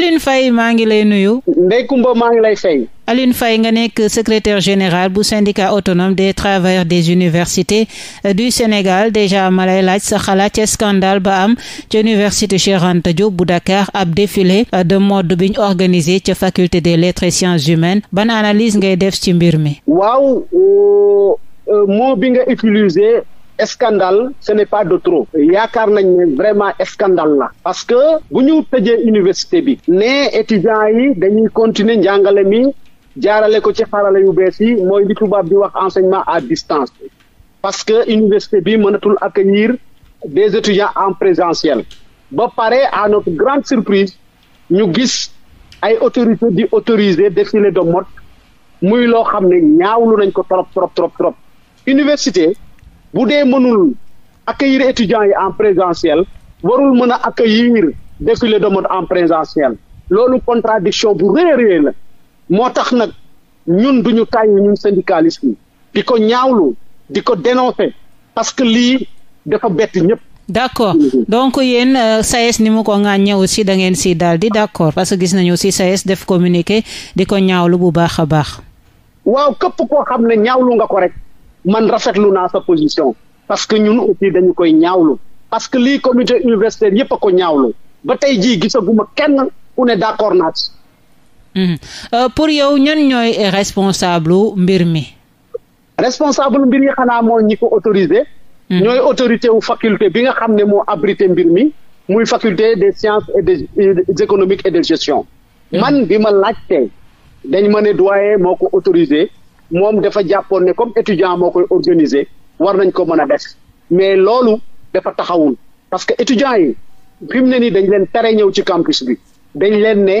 Alioune Faye maa ngi lay nuyu. Ndeye Comba maa ngi lay fay. Alioune Faye nga nekk secrétaire général bu syndicat autonome des travailleurs des universités euh, du Sénégal déjà ma lay laaj sa xalaat ci scandale ba am ci université Cheikh Anta Diop bu Dakar ab défilé euh, de mode bi ñu organisé ca faculté des lettres et sciences humaines ban analyse ngay def ci mbir mi. waaw euh, mot bi nga utiliser scandale ce n'est pas de trop yaakaar nañ ne vraiment scandale la parce que bu ñu tëjee université bi ne étudiants yi dañuy continuer njàngale mi jaarale ko ci xarala yu bees yi mooy li tubaab di wax enseignement à distance parce que université bi mënatul ak accueillir des étudiants en présentiel ba pare à notre grande surprise ñu gis ay autorité di autoriser défilé de mode muy loo xam ne ñaawlu nañ ko trop trop trop trop université bu dee mënul accueillir étudiants yi en présentiel warul mën a accueillir défilé de mode en présentiel loolu contradiction bu réeréer la moo tax nag ñun duñu tàyyi ñun syndicaliste yi di ko ñaawlu di ko dénoncer parce que lii dafa bett ñëpp d'accord donc yéen SAES euh, e ni mu ko ŋàññee aussi da ngeen si daal di d'accord parce que gis nañu aussi SAES e def communiqué di ko ñaawlu bu baax a baax waaw képp koo xam ne ñaawlu nga ko rek man rafetlu naa sa position parce que ñun aussi dañu koy ñaawlu parce que lii comité universitaire yëpp a ko ñaawlu ba tey jii gisaguma kenn ku ne d'accord naa ci. Mmh. Euh, pour yow ñan ñooy responsable mbir mi. responsable mbir yi xanaa moo ñi ko autorisé. Mhm. ñooy autorité wu faculté bi nga xam ne moo abrité mbir mi muy faculté des sciences et des, des économiques et de gestion. Mhm. man bi ma laajtee dañ ma ne doyen moo ko autorisé moom dafa jàppoon ne comme étudiant moo koy organiser war nañ ko mën a def mais loolu dafa taxawul parce que étudiants yi fi mu ne nii dañ leen tere ñëw ci campus bi dañ leen ne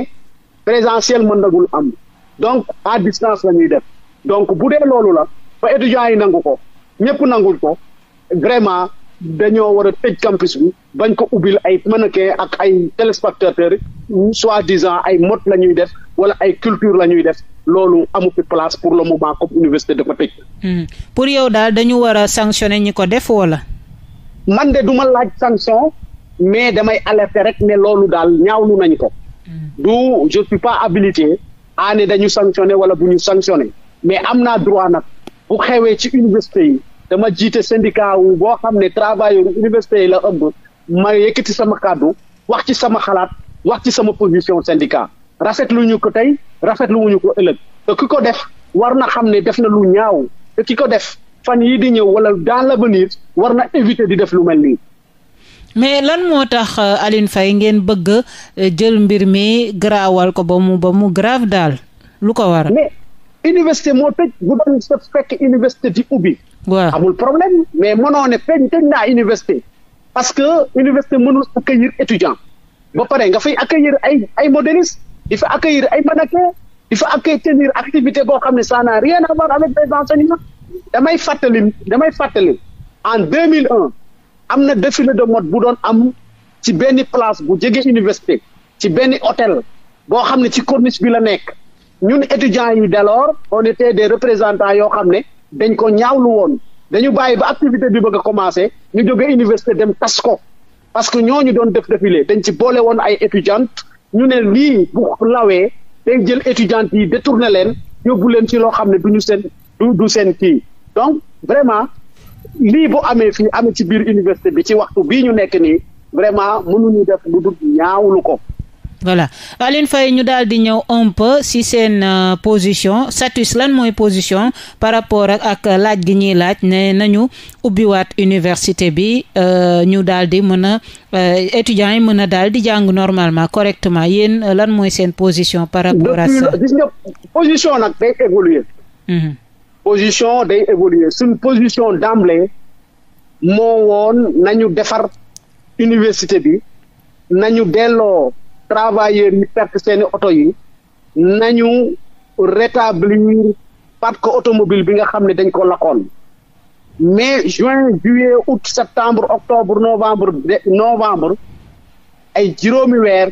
présentiel mën nagul am donc à distance la ñuy def donc bu dee loolu la ba étudiants yi nangu ko ñëpp nangul ko vraiment dañoo war a tëj campus bi bañ ko ubbil ay mannequin ak ay téléspectateurs soi-disant ay mot la ñuy def wala ay culture la ñuy def loolu amu fi place pour le moment comme université dafa tëj. Hmm. pour yow daal dañu war a sanctionner ñi ko def wala. man de duma laaj sanction mais damay alerter rek ne loolu daal ñaawlu nañ ko. Hmm. du je abilité pas dañu sanctionné wala bu ñu sanctionné mais am naa droit nag bu xewee ci université yi dama jiite syndicat wu boo xam ne travailleur université yi la ëmb ma yëkkati sama kàddu wax ci sama xalaat wax ci sama position syndicat. rafetluñu ko tey rafetluwuñu ko ëllëg te ki ko def war na xam ne def na lu ñaaw te ki ko def fan yii di ñëw wala ba l'avenir war na éviter di def lu mel nii. mais lan moo tax euh, Alioune Faye ngeen bëgg euh, jël mbir mi garaawal ko ba mu ba mu grave daal lu ko waral. mais université moo tëj bu doon sa fekk université di ubbi. waaw amul problème mais mënoo ne feeñ tëj naa université. parce que université mënul accueillir étudiant ba pare nga fay accueillir ay ay modernistes di fa accueillir ay mannequin di fa accueillir tenir activité boo xam ne ça n'a rien à voir avec les enseignements damay fàttali damay fàttali en am na défilé de mode bu doon am ci benn place bu jege université ci benn hôtel boo xam ne ci corniche bi la nekk ñun étudiants yu d'alors on était des représentants yoo xam ne dañ ko ñaawlu woon dañu bàyyi ba activité bi bëgg a commencé ñu jóge université dem tas ko parce que ñoo ñu doon def défilé dañ ci boole woon ay étudiantes ñu ne lii bu lawee day jël étudiants yi détourné leen yóbbu leen ci loo xam ne du ñu seen du seen kii donc vraiment lii bu amee fii amee ci biir université bi ci waxtu bii ñu nekk nii vraiment mënuñu def lu dul ñaawlu ko voilà Alioune Faye ñu daal di ñëw un si seen euh, position status lan mooy position par rapport ak ak laaj gi ñuy laaj ne nañu ubbiwaat université bi euh, ñu daal di mën a euh, étudiants yi mën a daal di jàng normalement correctement yéen lan mooy seen position par rapport à ça gis nga position nag day évoluer mhm. position day évoluer suñ position d'emblée moo woon nañu defar université bi nañu delloo travailleurs yi perte seeni oto yi nañu rétablir parc automobile bi nga xam ne dañ ko lakkoon mais juin juillet août septembre octobre novembre de novembre ay juróomi weer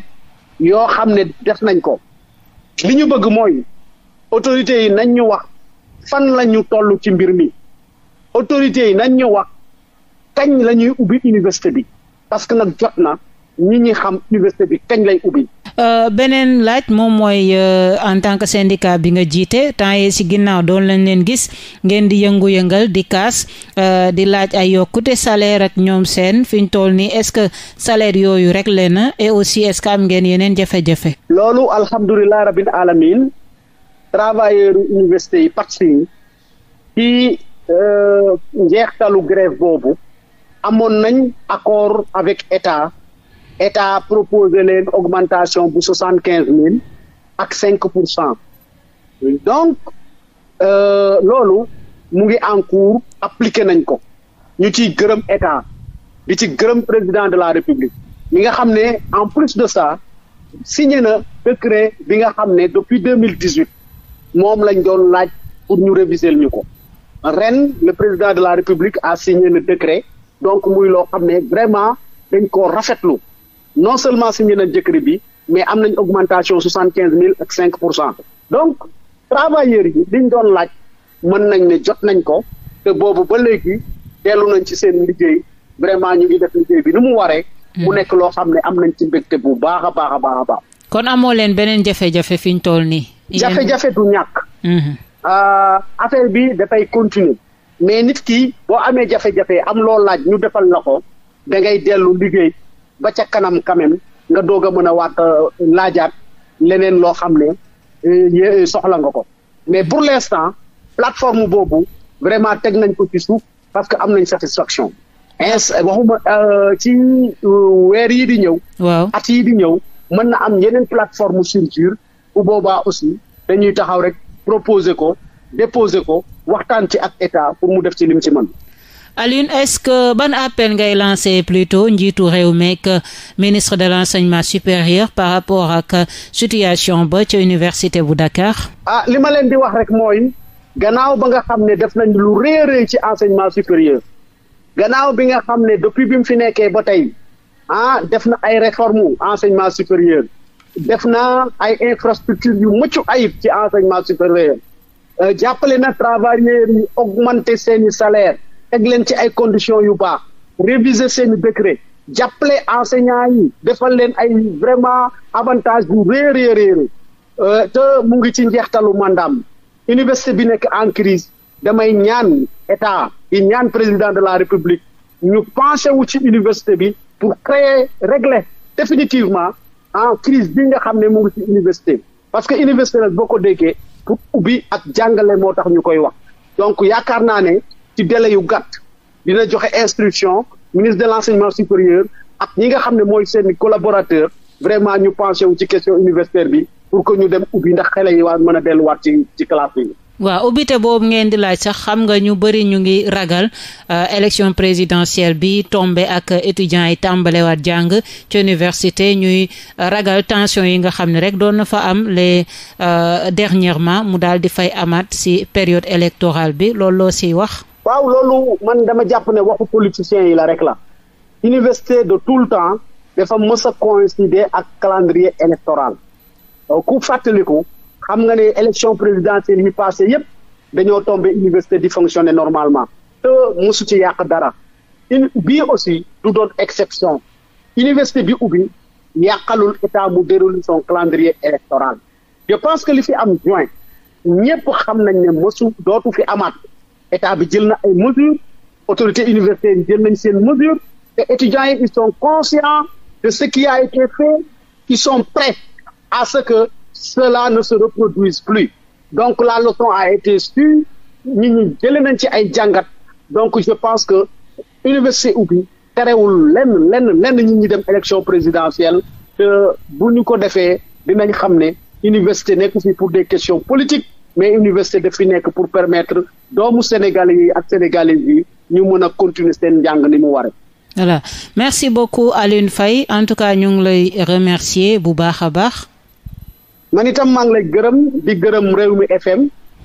yoo xam ne def nañ ko li ñu bëgg mooy autorités yi nañ ñu wax fan la ñu toll ci mbir mi autorités yi nañ ñu wax kañ la ñuy ubbi université bi parce que nag jot na ñi ñi xam université bi kañ lay ubbi. Euh, beneen laaj moom mooy uh, en tant que syndicat bi nga jiite temps yii ci ginnaaw doon leen leen gis ngeen di yëngu-yëngal di kaas uh, di laaj ay yokkute salaire ñoom seen fiñ tool toll nii est-ce que salaire yooyu rek leen et aussi est am ngeen yeneen jafe-jafe. loolu alhamdulilah rabbil alamin travailleur université yi pàcc yi ci euh, njeextalu grève boobu amoon nañ accord avec état. état proposé leen augmentation bu soixante quinze mille ak cinq pour cent donc euh, loolu mu ngi en cours appliqué nañ ko ñu ciy gërëm état di ci gërëm président de la république mi nga xam ne en plus de sa signé na décret bi nga xam ne depuis deux mille dix huit moom lañ doon laaj pour ñu réviser ñu ko ren le président de la république a signé le décret donc muy loo xam ne vraiment dañ koo rafetlu non seulement signé nañ décret bi mais am nañ augmentation soixante quinze mille ak cinq pour cent donc travailleurs yi liñ doon laaj mën nañ ne jot nañ ko te boobu ba léegi dellu nañ ci seen liggéey vraiment ñu ngi def liggéey bi ni mu waree. Hmm. mu nekk loo xam ne am nañ ci mbégte bu baax a baax a baax a baax. kon amoo leen beneen jafe-jafe fi ñu toll nii. jafe-jafe du ñàkk. Hmm. Euh, affaire bi dafay continuer mais nit ki boo amee jafe-jafe am loo laaj ñu defal la ko dangay dellu liggéey. ba ca kanam quand nga doog a mën a waat euh, laajaat leneen loo xam ne euh, euh, soxla nga ko mais pour l'instant plateforme boobu vraiment teg nañ ko ci suuf parce que am nañ satisfaction ins waxuma ci weer yi di ñëw waaw at yi di ñëw mën na am yeneen plateforme structure bu boobaa aussi dañuy taxaw rek proposer ko déposer ko waxtaan ci ak état pour mu def ci lim ci man Alioune est-ce que ban appel ngay lancé plutôt njiitu réew meek ministre de l'enseignement supérieur par rapport ak situation ba ca université bu Dakar. ah li ma leen di wax rek mooy gannaaw ba nga xam ne def nañ lu rëy a ci enseignement supérieur gannaaw bi nga xam ne depuis bi mu fi nekkee ba tey ah def na ay réformes enseignement supérieur. def na ay infrastructure yu mucc ayib ci enseignement supérieur euh, jàppale na travailleurs yi augmenter seeni salaire leen ci ay conditions yu baax réviser seen décret jàppale enseignants yi defal leen ay vraiment avantage bu réer réer euh, te mu ngi ci njeextalu mandam université bi nekk en crise damay ñaan état di ñaan président de la république ñu penché wu ci université bi pour créer régler définitivement en crise bi nga xam ne mu ngi ci université parce que université nag boo ko déggee pour ubbi ak jàngale moo tax ñu koy wax donc yaakaar naa ne ci délai yu gàtt dina joxe instruction ministre de l' enseignement supérieur ak ñi nga xam ne mooy seen collaborateur vraiment ñu pensé wu ci question universitaire bi pour que ñu dem ubbi ndax xale yi waa mën a delluwaat ci ci classe yi. waaw ubbite boobu ngeen di laaj sax xam nga ñu bëri ñu ngi ragal euh, élection présidentielle bi tombé ak étudiants yi tàmbalewaat jàng ci ñuy ragal tension yi nga xam ne rek doon na fa am les euh, dernièrement mu daal di fay amaat si période électoral bi loolu loo siy wax. waaw loolu man dama jàpp ne waxu politiciens yi la rek la université de tout le temps dafa mës a coïncider ak calendrier électoral ku fàttaliku xam nga ne élection présidentielle yi passé yépp dañoo tombé université di fonctionner normalement te mosu ci yàq dara bii aussi du doon exception université bi ubbi yàqalul état mu déroule son calendrier électoral je pense que li fi am juin ñëpp xam nañ ne mosu dootu fi amaat état bi jël na ay mesures autorités universitaires yi jël nañ seen mesures te étudiants yi ils sont conscients de ce qui a été fait ils sont prêts à ce que cela ne se reproduise plus donc la leçon a été sûre ñi ñu jëlee nañ ci ay jàngat donc je pense que université ubbi terewul lenn lenn lenn ñi ñi dem élection présidentielle te bu ñu ko defee dinañ xam ne université nekk fi pour des questions politiques mais université daf fi nekk pour permettre doomu sénégalais yi ak sénégalais yi ñu mën a continuer seen njàng ni mu waree. voilà merci beaucoup Alioune Faye en tout cas ñu ngi lay remercier bu baax a baax. man itam maa ngi lay gërëm di gërëm réew Rewmi FM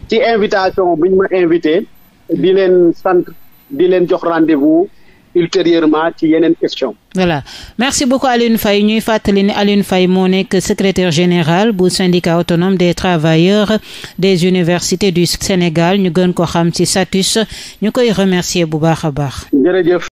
ci invitation bi ñu ma invité di leen sant di leen jox rendez-vous. ultérieurement ci yeneen question voilà merci beaucoup Alioune Faye ñuy fàttali ne Alioune Faye moo nekk secretaire général bu syndicat autonome des travailleurs des universités du Sénégal ñu gën ko xam ci SATUS ñu koy remercier bu baax a baax